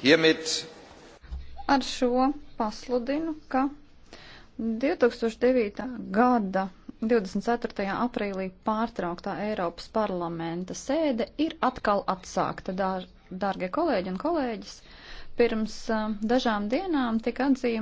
Hiermit ar šo pasludinu, ka 2009. gada 24. aprīlī pārtrauktā Eiropas parlamenta sēde ir atkal atsākta. Dārgie kolēģi un kolēģis, pirms dažām dienām tika atzīmēta.